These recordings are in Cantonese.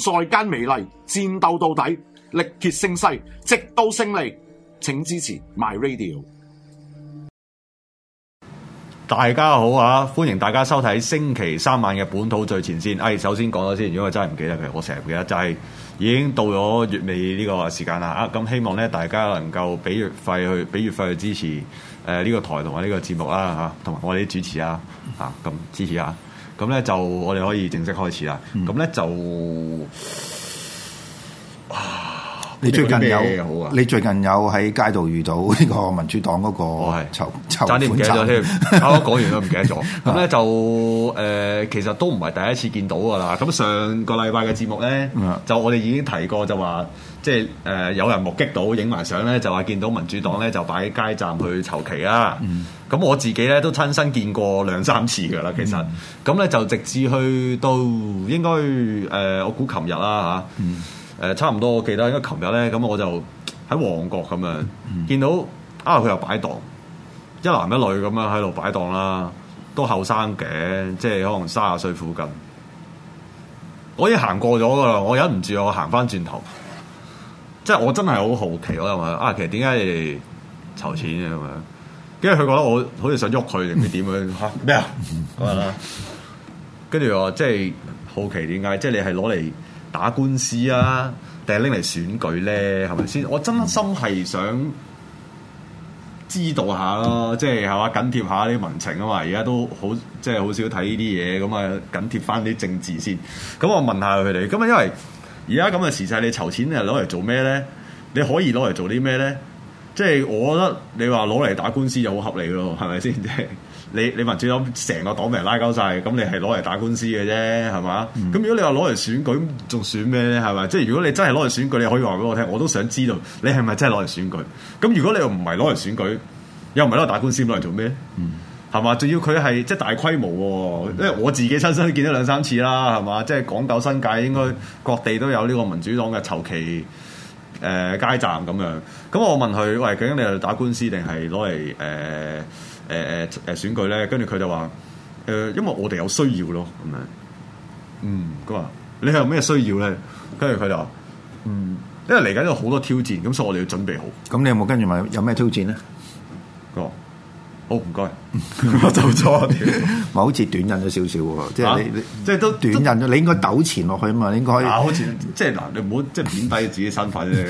賽間美嚟，戰鬥到底，力竭聲嘶，直到勝利，請支持 My Radio。大家好啊，歡迎大家收睇星期三晚嘅本土最前線。誒、哎，首先講咗先，如果我真係唔記得嘅，我成日唔記得，就係、是、已經到咗月尾呢個時間啦、呃這個。啊，咁希望咧，大家能夠俾月費去，俾月費去支持誒呢個台同埋呢個節目啦，吓同埋我哋啲主持啊，吓咁支持下。咁咧就我哋可以正式開始啦。咁咧、嗯、就，唉你，你最近有好嗎你最近有喺街道遇到呢個民主黨嗰個籌，係，差啲唔記得咗添。啊是，講完都唔記得咗。咁咧 就誒、呃，其實都唔係第一次見到㗎啦。咁上個禮拜嘅節目咧，就我哋已經提過就話。即係誒有人目擊到影埋相咧，就話見到民主黨咧、嗯、就擺喺街站去籌旗啦。咁我自己咧都親身見過兩三次噶啦，其實咁咧、嗯嗯、就直至去到應該誒、呃、我估琴日啦嚇，誒、啊、差唔多我記得，因為琴日咧咁我就喺旺角咁樣見到啊佢又擺檔，一男一女咁樣喺度擺檔啦，都後生嘅，即係可能卅歲附近。我已經行過咗噶啦，我忍唔住我行翻轉頭。即係我真係好好奇我咯，啊，其實點解你哋籌錢嘅咁樣？因為佢覺得我好似想喐佢，定點樣吓咩啊？跟住、 啊、我即係好奇點解？即係你係攞嚟打官司啊，定係拎嚟選舉咧？係咪先？我真心係想知道下咯，即係係嘛緊貼下啲民情啊嘛。而家都好即係好少睇呢啲嘢，咁啊緊貼翻啲政治先。咁我問下佢哋，咁啊因為。而家咁嘅時勢，你籌錢你攞嚟做咩咧？你可以攞嚟做啲咩咧？即係我覺得你話攞嚟打官司就好合理咯，係咪先？即係你你民主黨成個黨名拉鳩晒，咁你係攞嚟打官司嘅啫，係嘛？咁如果你話攞嚟選舉，仲選咩咧？係咪？即係如果你真係攞嚟選舉，你可以話俾我聽，我都想知道你係咪真係攞嚟選舉？咁如果你又唔係攞嚟選舉，又唔係攞嚟打官司，攞嚟做咩咧？係嘛？仲要佢係即係大規模喎，嗯、因為我自己親身見咗兩三次啦，係嘛？即、就、係、是、港九新界，應該各地都有呢個民主黨嘅籌期誒、呃、街站咁樣。咁我問佢：喂，究竟你係打官司定係攞嚟誒誒誒選舉咧？跟住佢就話：誒、呃，因為我哋有需要咯，咁樣。嗯，佢話：你有咩需要咧？跟住佢就話：嗯，因為嚟緊有好多挑戰，咁所以我哋要準備好。咁、嗯、你有冇跟住問有咩挑戰咧？哥。好唔該，我走咗，唔係好似短印咗少少喎，即係你，即係都短印咗，你應該糾纏落去啊嘛，應該好似即係嗱，你唔好即係貶低自己身份啫，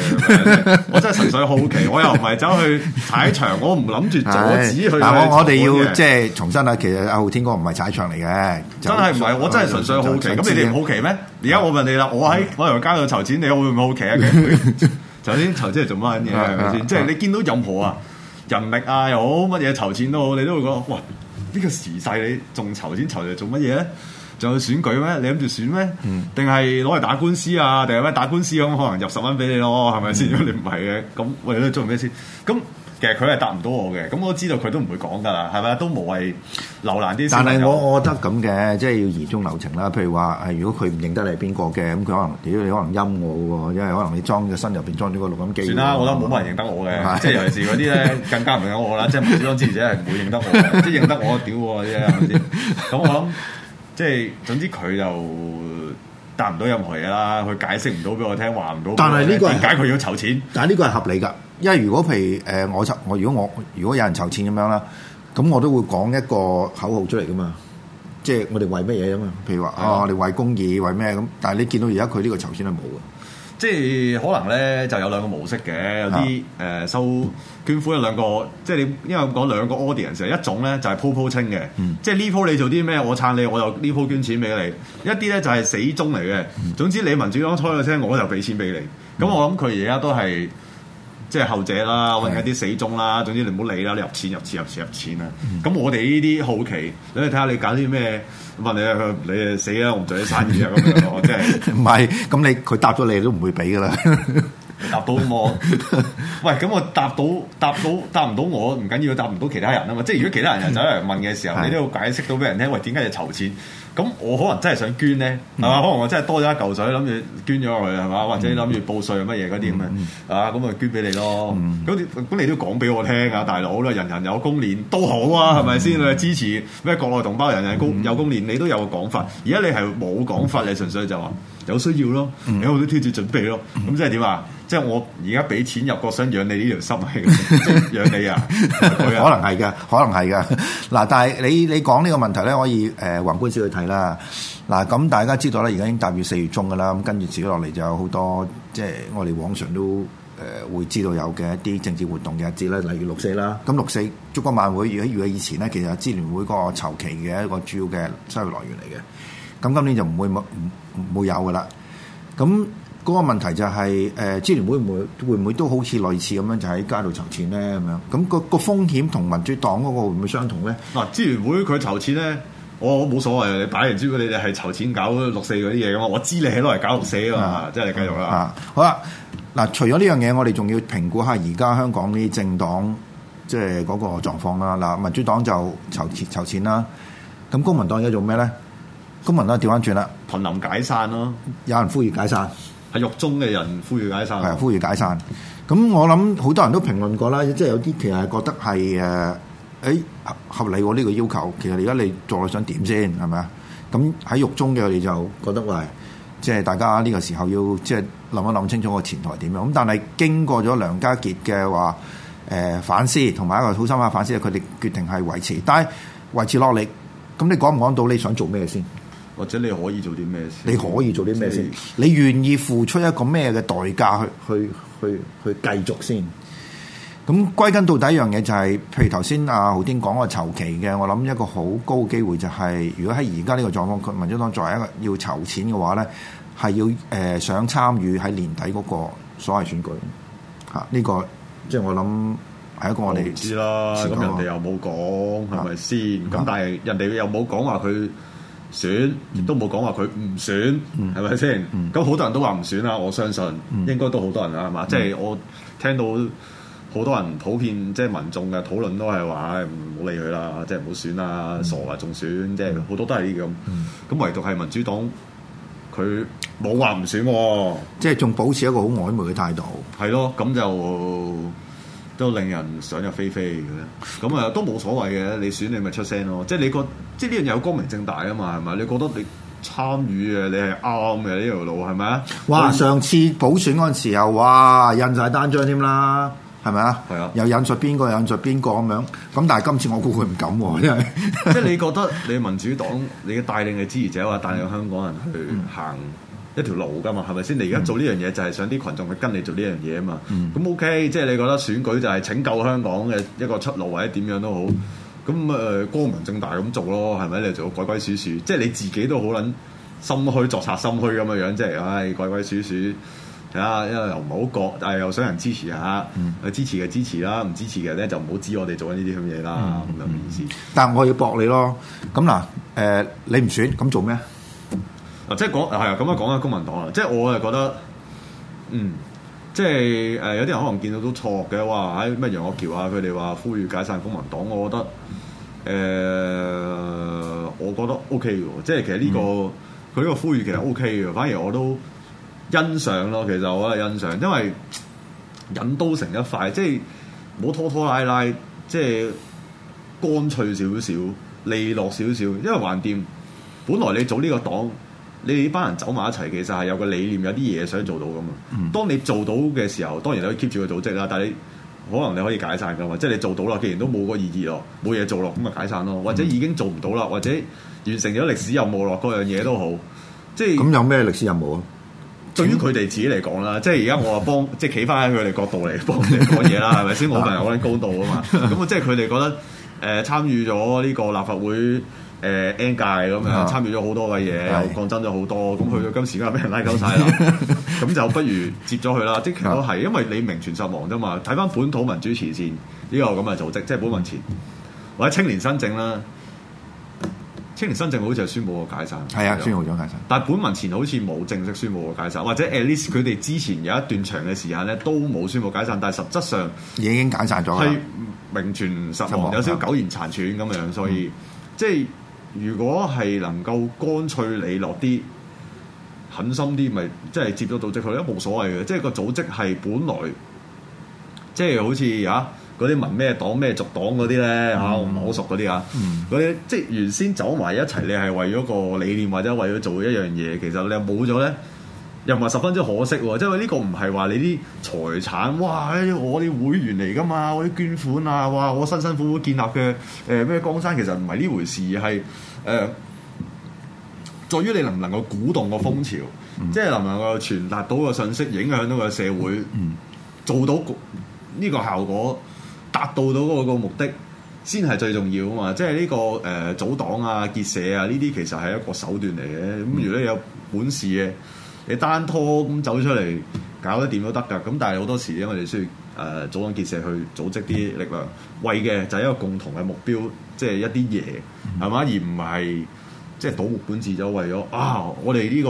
我真係純粹好奇，我又唔係走去踩場，我唔諗住阻止佢。我哋要即係重申。下，其實阿浩天哥唔係踩場嚟嘅，真係唔係，我真係純粹好奇，咁你哋好奇咩？而家我問你啦，我喺我由街度籌錢，你會唔會好奇嘅？首先籌錢係做乜嘢？係咪先？即係你見到任何啊？人力啊又好，乜嘢籌錢都好，你都會講：喂，呢個時勢你仲籌錢籌嚟做乜嘢？仲有選舉咩？你諗住選咩？定係攞嚟打官司啊？定係咩打官司咁？可能入十蚊俾你咯，係咪先？如果你唔係嘅，咁 我哋都做咩先？咁。其實佢係答唔到我嘅，咁我知道佢都唔會講噶啦，係咪都無謂留難啲。但係我我覺得咁嘅，即係要言中留情啦。譬如話，係如果佢唔認得你係邊個嘅，咁佢可能屌你可能陰我喎，因為可能你裝嘅身入邊裝咗個錄音機。算啦，我覺得冇乜人認得我嘅，即係的尤其是嗰啲咧更加唔認得我啦， 即係無裝知者係唔會認得我嘅， 即係認得我屌喎，即係咁。我諗即係總之佢就答唔到任何嘢啦，佢解釋唔到俾我聽，話唔到。但係呢個點解佢要籌錢？但係呢個係合理㗎。因為如果譬如誒我籌我如果我如果有人籌錢咁樣啦，咁我都會講一個口號出嚟噶嘛，即係我哋為乜嘢啊嘛？譬如話是的 啊，我哋為公義為咩咁？但係你見到而家佢呢個籌錢係冇嘅，即係可能咧就有兩個模式嘅，有啲誒、呃、收捐款有兩個，即係你因為我講兩個 audience，一種咧就係鋪鋪清嘅，嗯、即係呢鋪你做啲咩？我撐你，我又呢鋪捐錢俾你。一啲咧就係、是、死忠嚟嘅，總之你民主黨吹嘅聲，我就俾錢俾你。咁我諗佢而家都係。即係後者啦，或者啲死忠啦，總之你唔好理啦，你入錢入錢入錢入錢啊！咁、嗯、我哋呢啲好奇，看看你去睇下你搞啲咩？問你啊，佢你死啦，我唔做啲生意啊！咁 樣我真係唔係，咁 你佢答咗你都唔會俾㗎啦。 答，到，答，到，答到我，喂，咁我答到答到答唔到我唔緊要，答唔到其他人啊嘛，即係如果其他人走嚟問嘅時候， 你都要解釋到俾人聽，喂，點解要籌錢？咁我可能真係想捐咧，係嘛、嗯啊？可能我真係多咗一嚿水，諗住捐咗落去係嘛？或者諗住報稅乜嘢嗰啲咁嘅，嗯嗯啊，咁咪捐俾你咯。咁、嗯、你都要講俾我聽啊，大佬啦，人人有功練都好啊，係咪先啊？支持咩國內同胞人人有功練，你都有個講法。而家你係冇講法，你純粹就話。有需要咯，有好多天做準備咯，咁即係點啊？即係我而家俾錢入國，想養你呢條心啊！ 即養你啊！ 啊可能係嘅，可能係嘅。嗱，但係你你講呢個問題咧，可以誒宏、呃、觀少去睇啦。嗱，咁大家知道咧，而家已經踏入四月中噶啦，咁跟住接落嚟就有好多即係、就是、我哋往常都誒、呃、會知道有嘅一啲政治活動嘅日子啦，例如六四啦。咁六四燭光晚會如果預計以前咧，其實係支聯會個籌期嘅一個主要嘅收入來源嚟嘅。咁今年就唔會冇唔唔會有嘅啦。咁嗰、那個問題就係、是、誒，支援會會會唔會都好似類似咁樣就喺街度籌錢咧咁樣？咁個個風險同民主黨嗰個會唔會相同咧？嗱，支援會佢籌錢咧、那個啊，我冇所謂你擺完支援你哋係籌錢搞六四嗰啲嘢嘅嘛，我知你係攞嚟搞六四嘅嘛，即係、啊、繼續啦、啊。啊，好啦，嗱、啊，除咗呢樣嘢，我哋仲要評估下而家香港啲政黨即係嗰個狀況啦。嗱、啊，民主黨就籌錢籌，籌錢啦。咁公民黨而家做咩咧？公文都調翻轉啦，瀕臨解散咯、啊，有人呼籲解散，係獄中嘅人呼籲解散、啊，係呼籲解散。咁我諗好多人都評論過啦，即係有啲其實係覺得係誒，誒、呃哎、合理、啊。我、這、呢個要求，其實而家你做想點先係咪啊？咁喺獄中嘅我哋就覺得喂，即係大家呢個時候要即係諗一諗清楚個前台點樣。咁但係經過咗梁家傑嘅話誒、呃、反思，同埋一個好深刻反思，佢哋決定係維持，但係維持落嚟，咁你講唔講到你想做咩先？或者你可以做啲咩事？你可以做啲咩先？是你願意付出一個咩嘅代價去去去去繼續先？咁歸根到底一樣嘢就係、是，譬如頭先阿浩天講個籌期嘅，我諗一個好高機會就係、是，如果喺而家呢個狀況，佢民主黨作為一個要籌錢嘅話咧，係要誒、呃、想參與喺年底嗰個所謂選舉嚇。呢、啊這個即係我諗係一個我哋知啦，咁人哋又冇講係咪先？咁、啊、但係人哋又冇講話佢。選亦都冇講話佢唔選，係咪先？咁好多人都話唔選啦，我相信、嗯、應該都好多人啦，係嘛？嗯、即係我聽到好多人普遍即係民眾嘅討論都係話唔好理佢啦，即係唔好選啦，嗯、傻話仲選，即係好多都係呢啲咁。咁、嗯、唯獨係民主黨，佢冇話唔選喎，即係仲保持一個好曖昧嘅態度。係咯，咁就。都令人想入非非嘅，咁啊都冇所謂嘅，你選你咪出聲咯。即係你覺，即係呢樣嘢有光明正大啊嘛，係咪？你覺得你參與嘅，你係啱嘅呢條路係咪啊？哇！人上次補選嗰陣時候，哇印晒單張添啦，係咪啊？係啊，又印出邊個，印出邊個咁樣。咁但係今次我估佢唔敢，因為、嗯、 即係你覺得你民主黨，你嘅帶領嘅支持者話帶領香港人去行。嗯一條路㗎嘛，係咪先？嗯、你而家做呢樣嘢就係想啲群眾去跟你做呢樣嘢啊嘛。咁、嗯、OK，即係你覺得選舉就係拯救香港嘅一個出路，或者點樣都好。咁誒、呃，光明正大咁做咯，係咪？你做鬼鬼祟祟，即係你自己都好撚心虛作賊心虛咁嘅樣，即係唉、哎，鬼鬼祟祟。睇下、啊，因為又唔係好覺，但係又想人支持下，嗯、支持嘅支持啦，唔支持嘅咧就唔好知我哋做緊呢啲咁嘅嘢啦。咁樣嘅意思。但係我要駁你咯。咁嗱，誒、呃，你唔選，咁做咩？即係講係啊，咁樣講啊，公民黨啊，即係我係覺得，嗯，即係誒、呃、有啲人可能見到都錯嘅。哇，喺、哎、咩楊岳橋啊，佢哋話呼籲解散公民黨，我覺得誒、呃，我覺得 O K 嘅。即係其實呢、這個佢呢、嗯、個呼籲其實 O K 嘅，反而我都欣賞咯。其實我係欣賞，因為引刀成一快，即係唔好拖拖拉拉，即係乾脆少少、利落少少。因為橫掂，本來你組呢個黨。你哋班人走埋一齊，其實係有個理念，有啲嘢想做到噶嘛。當你做到嘅時候，當然你可以 keep 住個組織啦。但係你可能你可以解散噶嘛，即係你做到啦，既然都冇個意義咯，冇嘢做咯，咁咪解散咯。或者已經做唔到啦，或者完成咗歷史任務咯，各樣嘢都好。即係咁、嗯、有咩歷史任務啊？對於佢哋自己嚟講啦，即係而家我啊幫、 嗯，即係企翻喺佢哋角度嚟幫佢哋講嘢啦，係咪先？我唔係可能高度啊嘛。咁啊，即係佢哋覺得誒參與咗呢個立法會。誒、呃、N 界咁樣參與咗好多嘅嘢，uh huh. 又降真咗好多。咁、uh huh. 去到今時今日俾人拉鳩晒啦，咁 就不如接咗佢啦。即其實都係，因為你名存實亡啫嘛。睇翻本土民主前線呢個咁嘅組織，即係本民前或者青年新政啦。青年新政好似係宣布過解散，係啊、uh，huh. 的宣佈咗解散。但係本民前好似冇正式宣佈過解散，或者 at least 佢哋之前有一段長嘅時間咧都冇宣佈解散，但係實質上已經解散咗啦。係名存實亡，望有少少苟延殘喘咁樣，所以即係。如果係能夠乾脆利落啲、狠心啲，咪即係接咗組織去，都冇所謂嘅。即係個組織係本來即係、就是、好似嚇嗰啲民咩黨咩族黨嗰啲咧嚇，我唔係好熟嗰啲啊。啲、嗯、即係原先走埋一齊，你係為咗個理念或者為咗做一樣嘢，其實你又冇咗咧。又唔係十分之可惜喎，即係呢個唔係話你啲財產哇，我啲會員嚟㗎嘛，我啲捐款啊，哇，我辛辛苦苦建立嘅誒咩江山，其實唔係呢回事，係誒、呃、在於你能唔能夠鼓動個風潮，嗯、即係能唔能夠傳達到個信息，影響到個社會，嗯、做到呢個效果，達到到嗰個目的，先係最重要啊嘛。即係呢、呢個誒組、呃、黨啊、結社啊，呢啲其實係一個手段嚟嘅。咁如果你有本事嘅，你單拖咁走出嚟搞得掂都得㗎，咁但係好多時咧，我哋需要誒、呃、組黨結社去組織啲力量，為嘅就係一個共同嘅目標，即係一啲嘢係嘛，而唔係。即係保護本字就為咗啊！我哋呢個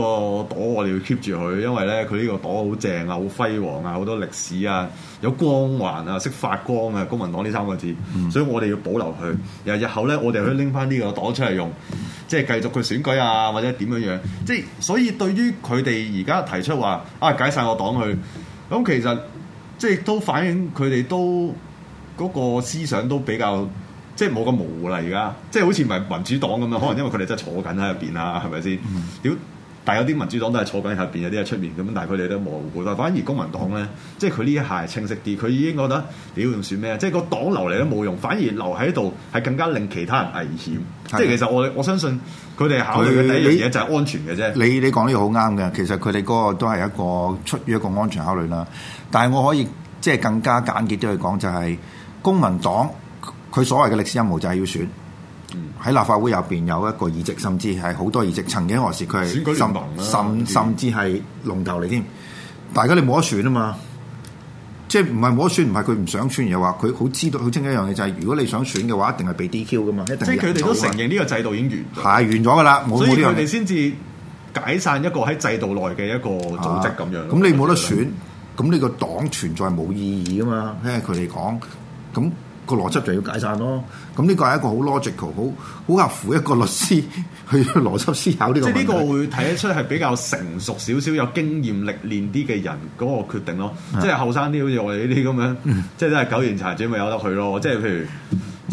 黨我哋要 keep 住佢，因為咧佢呢個黨好正啊、好輝煌啊、好多歷史啊、有光環啊、識發光啊，公民黨呢三個字，嗯、所以我哋要保留佢。然後日後咧，我哋可以拎翻呢個黨出嚟用，即係繼續去選舉啊，或者點樣樣。即係所以對於佢哋而家提出話啊解散我黨去，咁其實即係都反映佢哋都嗰、那個思想都比較。即係冇咁模糊啦，而家即係好似咪民主黨咁樣？可能因為佢哋真係坐緊喺入邊啦，係咪先？屌、嗯！但係有啲民主黨都係坐緊喺入邊，有啲係出面咁。但係佢哋都模糊。但反而公民黨咧，即係佢呢一下係清晰啲。佢已經覺得屌，仲選咩？即係個黨留嚟都冇用，嗯、反而留喺度係更加令其他人危險。的即係其實我我相信佢哋考慮嘅第一樣嘢就係安全嘅啫。你你講呢個好啱嘅，其實佢哋嗰個都係一個出於一個安全考慮啦。但係我可以即係更加簡潔啲去講，就係、是、公民黨。佢所謂嘅歷史任務就係要選喺、嗯、立法會入邊有一個議席，甚至係好多議席。曾經何時佢選舉甚、啊、甚至係、嗯、龍頭嚟添。大家你冇得選啊嘛！即係唔係冇得選，唔係佢唔想選，又係話佢好知道好清楚一樣嘢、就是，就係如果你想選嘅話，一定係畀 DQ 噶嘛。一定即係佢哋都承認呢個制度已經完係完咗噶啦，所以佢哋先至解散一個喺制度內嘅一個組織咁樣。咁、啊、你冇得選，咁呢、嗯、個黨存在冇意義噶嘛？因聽佢哋講咁。個邏輯就要解散咯，咁呢個係一個好 logical，好好合符一個律師 去邏輯思考呢個問題。即係呢個會睇得出係比較成熟少少、有經驗歷練啲嘅人嗰個決定咯。嗯、即係後生啲，好似我哋呢啲咁樣，即係真係九絃柴煮咪有得去咯。即係譬如，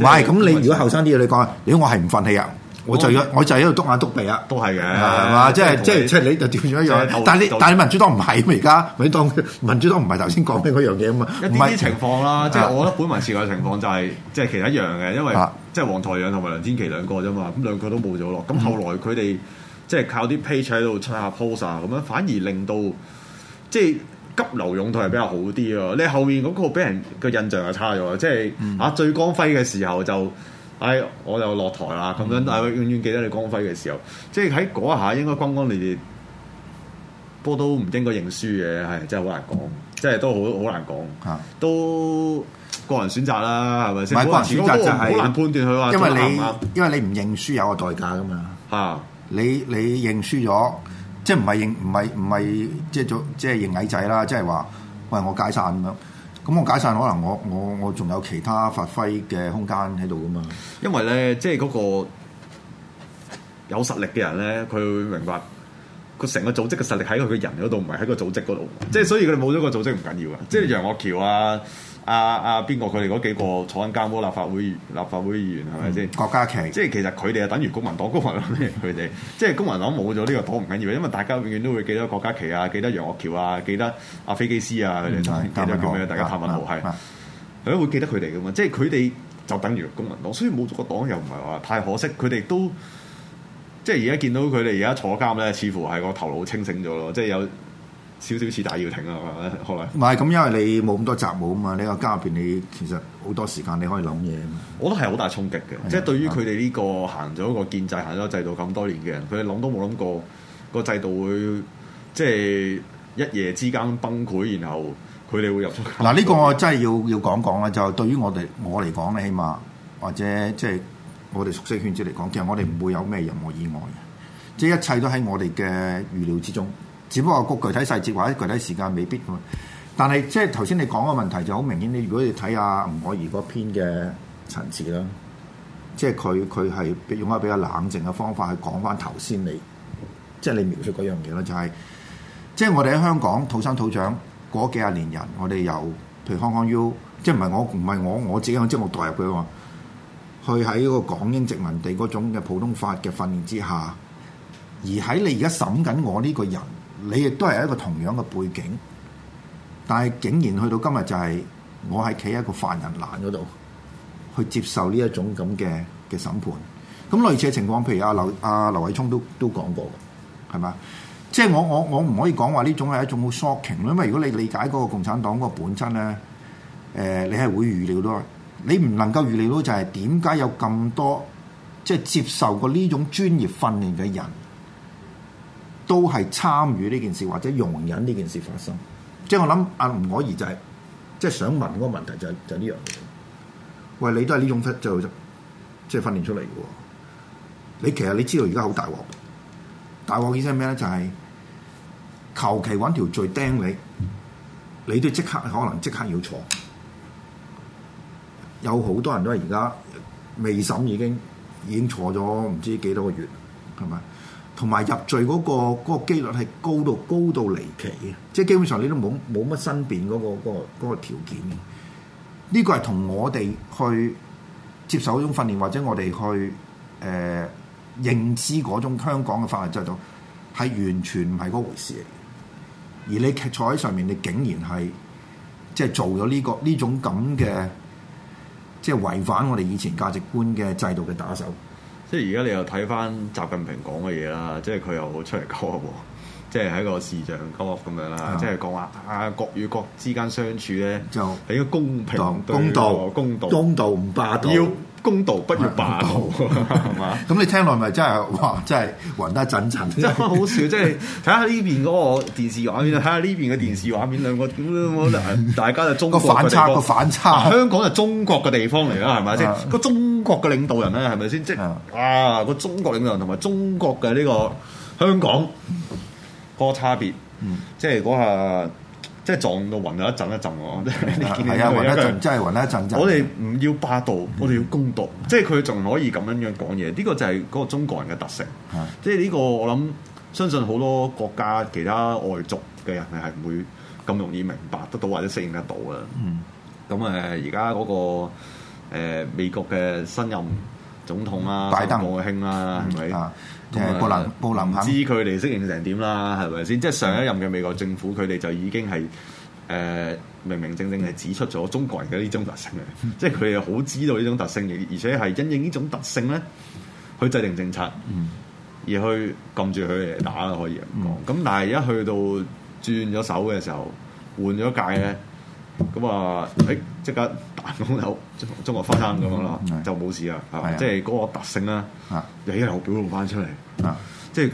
唔係咁，你如果後生啲嘅你講，如果我係唔忿氣啊？我就我就喺度篤眼篤鼻啊，都係嘅，係嘛？就是、即係即係即係你就調轉一樣。但係你道但係民主黨唔係而家？民主黨民主黨唔係頭先講嘅嗰樣嘢啊嘛？嗯、是一啲情況啦，啊、即係我覺得本民前嘅情況就係、是、即係其實一樣嘅，因為、啊、即係黃台仰同埋梁天琦兩個啫嘛，咁兩個都冇咗咯。咁後來佢哋、嗯、即係靠啲 page 喺度出下 post 咁樣反而令到即係急流勇退係比較好啲咯。你後面嗰個俾人個印象就差咗，即係啊最光輝嘅時候就。嗯哎，我又落台啦，咁樣，但係永遠記得你光輝嘅時候，即係喺嗰下應該轟轟烈烈。波都唔應該認輸嘅，係真係好難講，即係都好好難講，都個人選擇啦，係咪先？是個人選擇就係、是、難判斷佢話做唔啱，因為你唔認輸有個代價噶嘛，嚇！ 你你認輸咗，即係唔係認唔係唔係即係做即係認矮仔啦，即係話喂我解散咁樣。咁我解散，可能我我我仲有其他發揮嘅空間喺度噶嘛？因為咧，即係嗰個有實力嘅人咧，佢會明白佢成個組織嘅實力喺佢嘅人嗰度，唔係喺個組織嗰度。嗯、即係所以佢哋冇咗個組織唔緊要呀。係嗯、即係楊岳橋啊。阿阿邊個佢哋嗰幾個坐緊監嗰，立法會立法會議員係咪先？郭、嗯、家麒，即係其實佢哋就等於公民黨公民黨，佢哋即係公民黨冇咗呢個黨唔緊要，因為大家永遠都會記得郭家麒啊，記得楊岳橋啊，記得阿、啊、飛機師啊，佢哋、嗯、記得叫咩？大家探問號係，佢都會記得佢哋噶嘛。即係佢哋就等於公民黨，所以冇咗個黨又唔係話太可惜。佢哋都即係而家見到佢哋而家坐監咧，似乎係個頭腦清醒咗咯，即係有。少少似戴耀廷啊嘛，好啦。唔係咁，因為你冇咁多雜務啊嘛，你個家入邊你其實好多時間你可以諗嘢啊嘛。我都係好大衝擊嘅，即係的對於佢哋呢個行咗個建制行咗制度咁多年嘅人，佢哋諗都冇諗過個制度會即係、就是、一夜之間崩潰，然後佢哋會入。嗱呢個真係要要講講啦，就對於我哋我嚟講咧，起碼或者即係我哋熟悉圈子嚟講，其實我哋唔會有咩任何意外嘅，即、就、係、是、一切都喺我哋嘅預料之中。只不過個具體細節或者具體時間未必，但係即係頭先你講嘅問題就好明顯。你如果你睇下吳可怡嗰篇嘅陳詞啦，即係佢佢係用一個比較冷靜嘅方法去講翻頭先你，即係你描述嗰樣嘢啦，就係、是、即係我哋喺香港土生土長嗰幾廿年人，我哋由譬如康康 U，即係唔係我唔係我我自己嘅職務代入佢啊，去喺個港英殖民地嗰種嘅普通法嘅訓練之下，而喺你而家審緊我呢個人。你亦都係一個同樣嘅背景，但係竟然去到今日就係、是、我係企喺個犯人欄嗰度去接受呢一種咁嘅嘅審判。咁類似嘅情況，譬如阿、啊、劉阿、啊、劉偉聰都都講過，係嘛？即、就、係、是、我我我唔可以講話呢種係一種好 shocking 因為如果你理解嗰個共產黨嗰個本質咧，誒、呃、你係會預料到，你唔能夠預料到就係點解有咁多即係、就是、接受過呢種專業訓練嘅人。都係參與呢件事，或者容忍呢件事發生。即係我諗，阿吳可怡就係即係想問嗰個問題、就係，就係就呢樣嘢。喂，你都係呢種質就即係訓練出嚟嘅喎。你其實你知道而家好大鑊，大鑊意思係咩咧？就係求其揾條罪釘你，你都即刻可能即刻要坐。有好多人都係而家未審已經已經坐咗唔知幾多個月，係咪？同埋入罪嗰個嗰個機率係高到高到離奇嘅，即係基本上你都冇冇乜申辯嗰個嗰個嗰個條件嘅。呢個係同我哋去接受嗰種訓練，或者我哋去誒、呃、認知嗰種香港嘅法律制度，係完全唔係嗰回事。而你坐喺上面，你竟然係即係做咗呢個呢種咁嘅，即係違反我哋以前價值觀嘅制度嘅打手。即係而家你又睇翻習近平講嘅嘢啦，即係佢又出嚟講，即係喺個視像講咁樣啦，嗯、即係講話啊國與國之間相處咧，就係一個公平、公道、公道、公道唔霸道，要公道不要霸道，係嘛？咁、 嗯、你聽落咪真係哇，真係暈得一陣陣，真係好笑，嗯、即係睇下呢邊嗰個電視畫面，睇下呢邊嘅電視畫面，兩個咁可能大家就中個反差個反差，反差啊、香港係中國嘅地方嚟啦，係咪先個中？中國嘅領導人咧，係咪先？即係是吧 啊，個中國領導人同埋中國嘅呢、這個香港個差別，嗯，即係嗰下，即係撞到暈咗一陣一陣。我你見到係啊，暈、啊、一陣，真係暈一陣。我哋唔要霸道，我哋要公道。即係佢仲可以咁樣樣講嘢，呢、這個就係嗰個中國人嘅特性。即係呢個，我諗相信好多國家其他外族嘅人係唔會咁容易明白得到或者適應得到嘅。咁誒，而家嗰個。嗯誒、呃、美國嘅新任總統啊，拜登興啊，係咪？誒，布林布林，呃、布林肯知佢哋適應成點啦，係咪先？即係上一任嘅美國政府，佢哋就已經係誒、呃、明明正正係指出咗中國人嘅呢種特性，即係佢哋好知道呢種特性，而且係因應呢種特性咧，去制定政策，而去撳住佢嚟打啦，可以咁講。咁、嗯、但係一去到轉咗手嘅時候，換咗界咧。咁啊！誒、哎，即刻彈弓就中國花生咁樣啦，嗯、就冇事啊，係嘛的？的即係嗰個特性啦，的又依家又表露翻出嚟，啊的！即係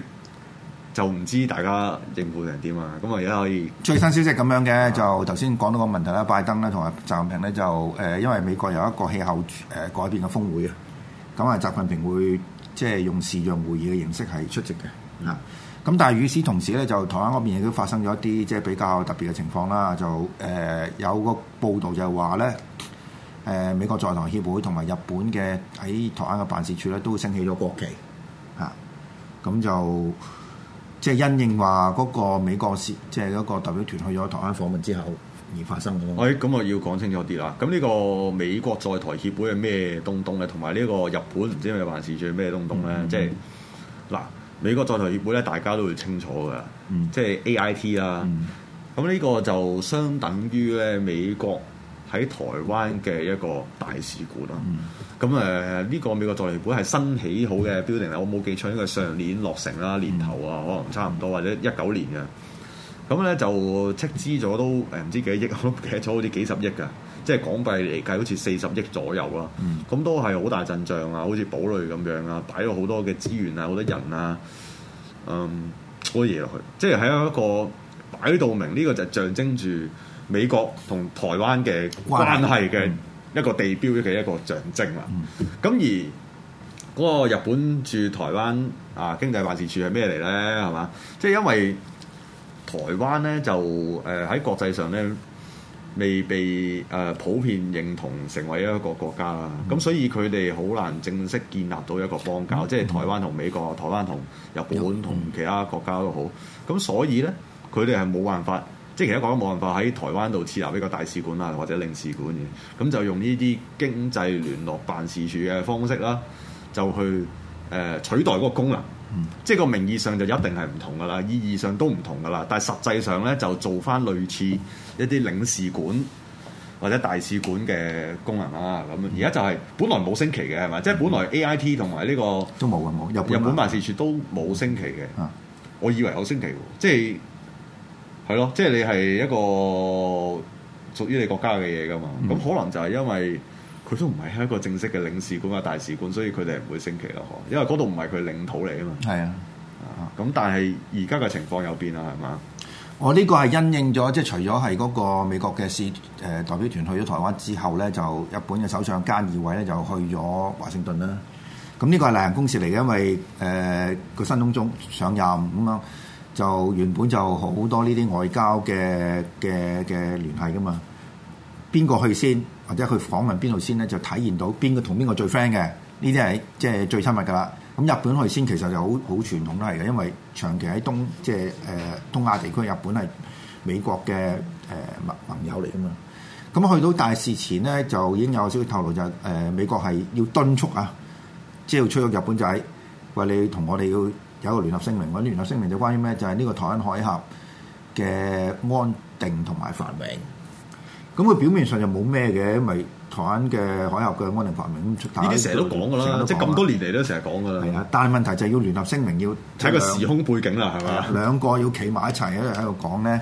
就唔知大家應付成點啊！咁而家可以最新消息咁樣嘅，的就頭先講到個問題啦，拜登咧同埋習近平咧就誒、呃，因為美國有一個氣候誒改變嘅峰會啊，咁啊，習近平會即係用視像會議嘅形式係出席嘅，係。咁但係與此同時咧，就台灣嗰邊亦都發生咗一啲即係比較特別嘅情況啦。就誒、呃、有個報道就係話咧，誒、呃、美國在台協會同埋日本嘅喺台灣嘅辦事處咧，都升起咗國旗啊！咁就即係因應話嗰個美國即係嗰個代表團去咗台灣訪問之後而發生嘅、那個。喂、哎，咁我要講清楚啲啦。咁呢個美國在台協會係咩東東咧？同埋呢個日本唔知咩辦事處係咩東東咧？即係嗱。就是美國在台協會咧，大家都會清楚㗎，嗯、即係 A I T 啦、嗯。咁呢個就相等於咧美國喺台灣嘅一個大使館啦。咁誒呢個美國在台協會係新起好嘅 building，我冇記錯應該上年落成啦，年頭啊、嗯、可能差唔多或者一九年嘅。咁咧就斥資咗都誒唔知幾億，我都記錯好似幾十億㗎。即係港幣嚟計，好似四十億左右啦。咁、嗯、都係好大陣仗啊！好似堡壘咁樣啊，擺咗好多嘅資源啊，好多人啊，嗯，好多嘢落去。即係喺一個擺到明，呢、呢個就係象徵住美國同台灣嘅關係嘅一個地標嘅一個象徵啦。咁、嗯嗯、而嗰個日本駐台灣啊經濟辦事處係咩嚟咧？係嘛？即係因為台灣咧就誒喺、呃、國際上咧。未被誒、呃、普遍認同成為一個國家啦，咁、嗯、所以佢哋好難正式建立到一個邦交，嗯、即係台灣同美國、台灣同日本同其他國家都好。咁所以呢，佢哋係冇辦法，即係其他國家冇辦法喺台灣度設立一個大使館啊，或者領事館嘅，咁就用呢啲經濟聯絡辦事處嘅方式啦，就去，誒取代嗰個功能，即係個名義上就一定係唔同噶啦，意義上都唔同噶啦，但係實際上咧就做翻類似一啲領事館或者大使館嘅功能啦。咁而家就係、是、本來冇升旗嘅係咪？嗯、即係本來 A I T 同埋、這、呢個都冇咁冇日本辦事處都冇升旗嘅。啊、我以為有升旗嘅，即係係咯，即係你係一個屬於你國家嘅嘢噶嘛。咁、嗯、可能就係因為。佢都唔係一個正式嘅領事館啊，大使館，所以佢哋唔會升旗咯，嗬？因為嗰度唔係佢領土嚟啊嘛。係啊，咁、啊、但係而家嘅情況有變啦、啊，係嘛？我呢個係因應咗，即係除咗係嗰個美國嘅使誒代表團去咗台灣之後咧，就日本嘅首相菅義偉咧就去咗華盛頓啦。咁、嗯、呢個係例行公事嚟嘅，因為誒個新東中，中上任咁樣、嗯，就原本就好多呢啲外交嘅嘅嘅聯繫噶嘛。邊個去先，或者去訪問邊度先咧，就體現到邊個同邊個最 friend 嘅，呢啲係即係最親密噶啦。咁日本去先其實就好好傳統啦，係嘅，因為長期喺東即係誒東亞地區，日本係美國嘅誒盟友嚟㗎嘛。咁、嗯、去到大事前咧就已經有少少透露、就是，就、呃、係美國係要敦促啊，即係出咗日本仔話你同我哋要有一個聯合聲明，嗰、啊、啲聯合聲明就關於咩？就係、是、呢個台灣海峽嘅安定同埋繁榮。咁佢表面上就冇咩嘅，因為台灣嘅海峽嘅安定繁榮咁出。呢你成日都講噶啦，即係咁多年嚟都成日講噶啦。係啊，但係問題就係要聯合聲明，要睇個時空背景啦，係咪啊？兩個要企埋一齊，一路喺度講咧。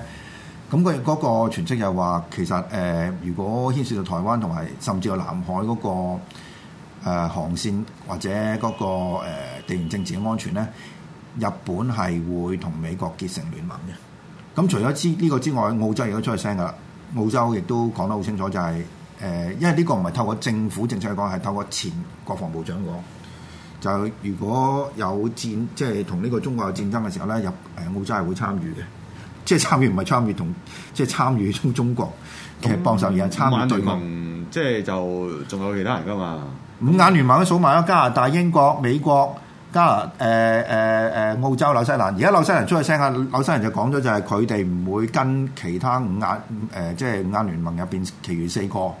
咁佢嗰個傳譯又話，其實誒、呃，如果牽涉到台灣同埋甚至係南海嗰、嗰個、呃、航線或者嗰、嗰個、呃、地緣政治嘅安全咧，日本係會同美國結成聯盟嘅。咁除咗之呢個之外，澳洲亦都出去聲噶啦。澳洲亦都講得好清楚，就係，就係誒，因為呢個唔係透過政府政策嚟講，係透過前國防部長講，就如果有戰，即係同呢個中國有戰爭嘅時候咧，入誒澳洲係會參與嘅，即係參與唔係參與同，即係參與中中國嘅、嗯、幫手而係參與對抗，即係就仲有其他人噶嘛？五眼聯盟都數埋啦，加拿大、英國、美國，加拿大、誒、啊啊、澳洲、紐西蘭，而家紐西蘭出去聲下紐西蘭就講咗就係佢哋唔會跟其他五眼誒、呃，即係五眼聯盟入邊，其餘四個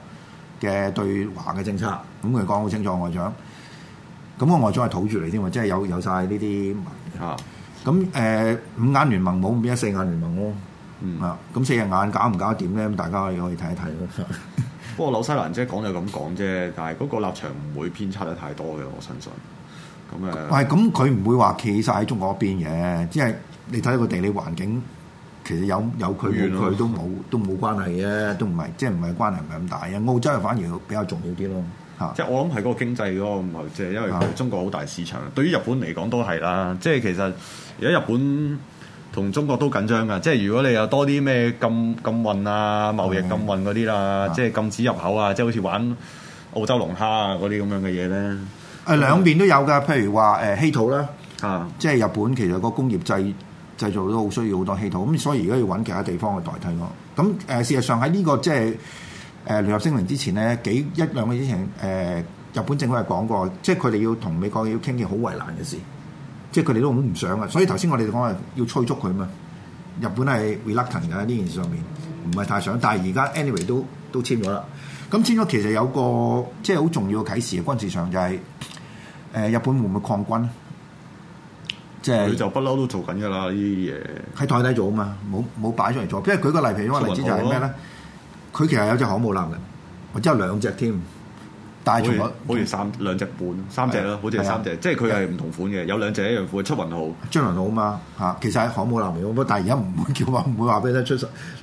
嘅對華嘅政策，咁佢講好清楚，外長。咁、嗯、我外長係土著嚟添即係有有曬呢啲。嚇、啊！咁誒、呃，五眼聯盟冇唔變得四眼聯盟咯、嗯嗯。嗯。咁四隻眼，眼搞唔搞得掂咧？咁大家可以可以睇一睇咯。的 不過紐西蘭即係講就咁講啫，但係嗰個立場唔會偏差得太多嘅，我相信。喂，咁佢唔會話企晒喺中國嗰邊嘅，即係你睇一個地理環境，其實有有距佢遠、啊、都冇都冇關係啊，都唔係即係唔係關係唔係咁大嘅。澳洲啊反而比較重要啲咯，嚇！即係我諗係嗰個經濟嗰個即係因為中國好大市場，的對於日本嚟講都係啦。即係其實而家日本同中國都緊張噶，即係如果你有多啲咩禁禁運啊、貿易禁運嗰啲啦，的即係禁止入口啊，即係好似玩澳洲龍蝦啊嗰啲咁樣嘅嘢咧。誒兩邊都有㗎，譬如話誒、呃、稀土啦，即係日本其實個工業製製造都好需要好多稀土，咁所以而家要揾其他地方去代替我。咁誒、呃、事實上喺呢、這個即係誒、呃、聯合聲明之前咧，幾一兩個月之前誒、呃、日本政府係講過，即係佢哋要同美國要傾嘅好為難嘅事，即係佢哋都唔想嘅。所以頭先我哋講係要催促佢嘛，日本係 reluctant 嘅呢件事上面，唔係太想，但係而家 anyway 都都簽咗啦。咁簽咗其實有個即係好重要嘅啟示嘅，軍事上就係、是。誒，日本會唔會抗軍？即係佢就不嬲都做緊噶啦，呢啲嘢喺台底做啊嘛，冇冇擺出嚟做。即係舉個例譬咯，例子就係咩咧？佢其實有隻航母艦嘅，或者有兩隻添。但係好似三兩隻半，三隻咯，好似係三隻，即係佢係唔同款嘅，有兩隻一樣款，出雲號、將雲號啊嘛嚇。其實係航母艦嘅，不過但係而家唔會叫話，唔會話俾得出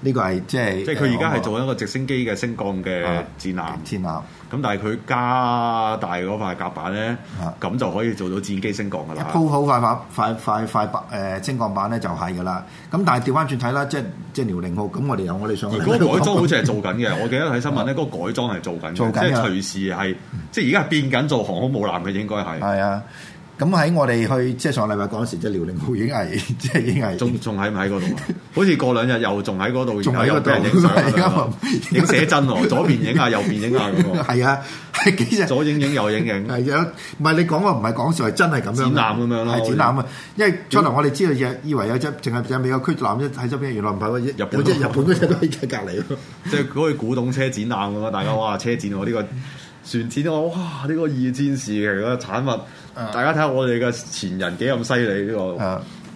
呢個係即係即係佢而家係做一個直升機嘅升降嘅戰艦。戰艦，咁但係佢加大嗰塊甲板咧，咁的就可以做到戰機升降噶啦。一鋪鋪塊板、塊塊升降板咧就係噶啦。咁但係調翻轉睇啦，即係即係遼寧號，咁我哋由我哋上去。而嗰個改裝好似係做緊嘅， 我記得睇新聞咧，嗰、嗰個改裝係做緊，做緊即係隨時係，嗯、即係而家變緊做航空母艦嘅應該係。係啊。咁喺我哋去即係上個禮拜嗰陣時，即係遼寧號已經係即係已經係，仲仲喺唔喺嗰度啊？好似過兩日又仲喺嗰度，仲喺嗰度影相，而家唔影寫真喎，左邊影下，右邊影下嗰個係啊，係幾隻左影影，右影影係有，唔係你講個唔係講笑，係真係咁樣展覽咁樣咯，展覽啊！因為初頭我哋知道嘢，以為有隻淨係有美國驅逐艦喺喺邊，原來唔係日本即係日本嗰隻都喺隔籬，即係嗰個古董車展覽咁嘛，大家哇，車展我呢個船展啊哇，呢個二戰時期嘅產物。大家睇下我哋嘅前人幾咁犀利，呢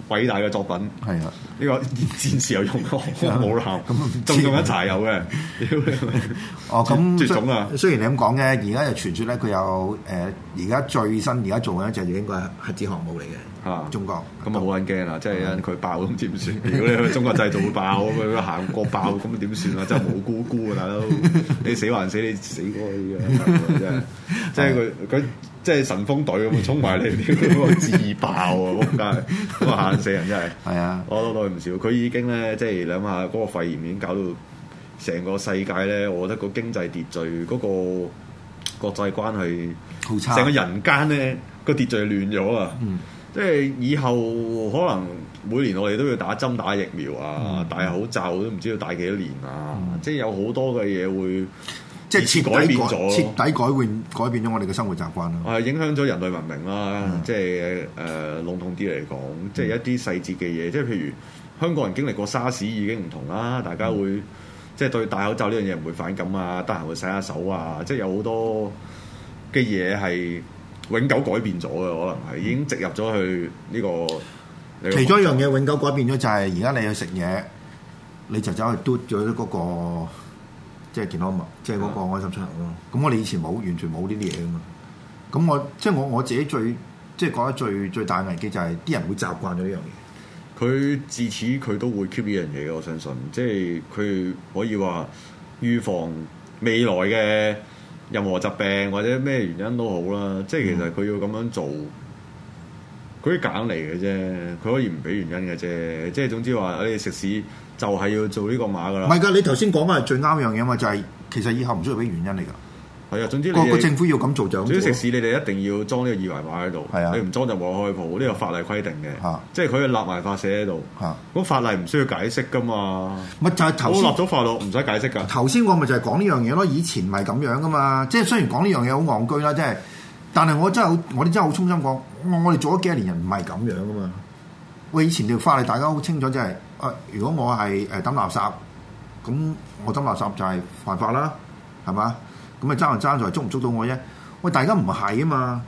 個偉大嘅作品。係啊。呢個戰時有用冇鬧。咁仲用一柴油嘅。哦，咁絕種啊！雖然你咁講嘅，而家就傳説咧，佢有誒，而家最新而家做緊一隻應該係核子航母嚟嘅。嚇！中國咁啊，好鬼驚啊！即係因佢爆咁，知唔知？如果你去中國製造爆咁樣行過爆，咁點算啊？真係冇姑姑啊！大佬，你死還死，你死過依個真係，即係佢佢即係神風隊咁衝埋嚟，自爆啊！真係咁啊，嚇死人！真係。係啊！佢唔少，佢已經咧，即係諗下嗰個肺炎已經搞到成個世界咧。我覺得個經濟秩序，嗰、嗰個國際關係，好差，成個人間咧，個秩序亂咗啊！嗯、即係以後可能每年我哋都要打針，打疫苗啊，嗯、戴口罩都唔知要戴幾多年啊！嗯、即係有好多嘅嘢會。即係徹底改變，徹底改變改變咗我哋嘅生活習慣啦。係、嗯、影響咗人類文明啦。即係誒籠統啲嚟講，呃嗯、即係一啲細節嘅嘢。即係譬如香港人經歷過沙士已經唔同啦，大家會、嗯、即係對戴口罩呢樣嘢唔會反感啊，得閒會洗下手啊。即係有好多嘅嘢係永久改變咗嘅，可能係已經植入咗去呢個。其中一樣嘢永久改變咗就係而家你去食嘢，你就走去嘟咗嗰個。即係健康物，即係嗰個安心出行咯。咁我哋以前冇，完全冇呢啲嘢噶嘛。咁我即係我我自己最即係覺得最最大危機就係啲人會習慣咗呢樣嘢。佢自此佢都會 keep 呢樣嘢，我相信。即係佢可以話預防未來嘅任何疾病或者咩原因都好啦。即係其實佢要咁樣做，佢啲揀嚟嘅啫。佢可以唔俾原因嘅啫。即係總之話，我食屎。就係要做呢個碼噶啦，唔係噶，你頭先講嘅係最啱一樣嘢嘛，就係、是、其實以後唔需要俾原因嚟噶。係啊，總之你個個政府要咁做就做。總之食肆你哋一定要裝呢個二維碼喺度。係的啊，你唔裝就冇開鋪，呢個、啊、法例規定嘅。吓，即係佢立埋法寫喺度。吓，咁法例唔需要解釋噶嘛？唔係就係頭先立咗法度，唔使解釋噶。頭先我咪就係講呢樣嘢咯，以前唔係咁樣噶嘛。即係雖然講呢樣嘢好戇居啦，即係，但係我真係好，我哋真係好衷心講，我哋做咗幾廿年人唔係咁樣噶嘛。喂，以前條法例大家好清楚，即係。如果我係誒抌垃圾，咁我抌垃圾就係犯法啦，係嘛？咁啊爭就爭在捉唔捉到我啫。喂，大家唔係啊嘛。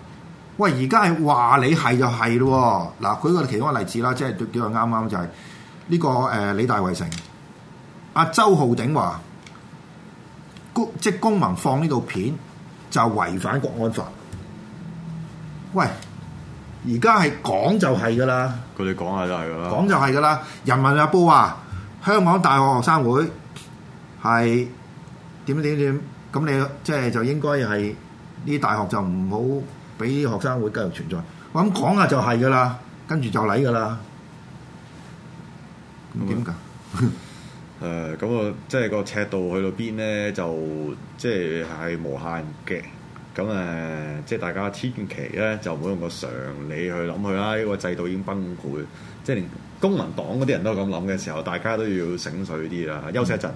喂，而家係話你係就係咯。嗱，舉個其中個例子啦，即係舉、就是這個啱啱就係呢個誒李大衛成，阿、啊、周浩鼎話公即公民放呢度片就違反國安法。喂！而家係講就係噶啦，佢哋講下就係噶啦，講就係噶啦。人民日報話香港大學學生會係點點點，咁你即係、就係、就應該係呢啲大學就唔好俾學生會繼續存在。我咁講下就係噶啦，跟住就嚟噶啦。點噶？誒，咁啊，即係個尺度去到邊咧？就、呃、即係係、呃呃呃呃呃、無限嘅。咁誒，即係大家千祈咧就唔好用個常理去諗佢啦，呢個制度已經崩潰，即係連公民黨嗰啲人都係咁諗嘅時候，大家都要醒水啲啦，休息一陣。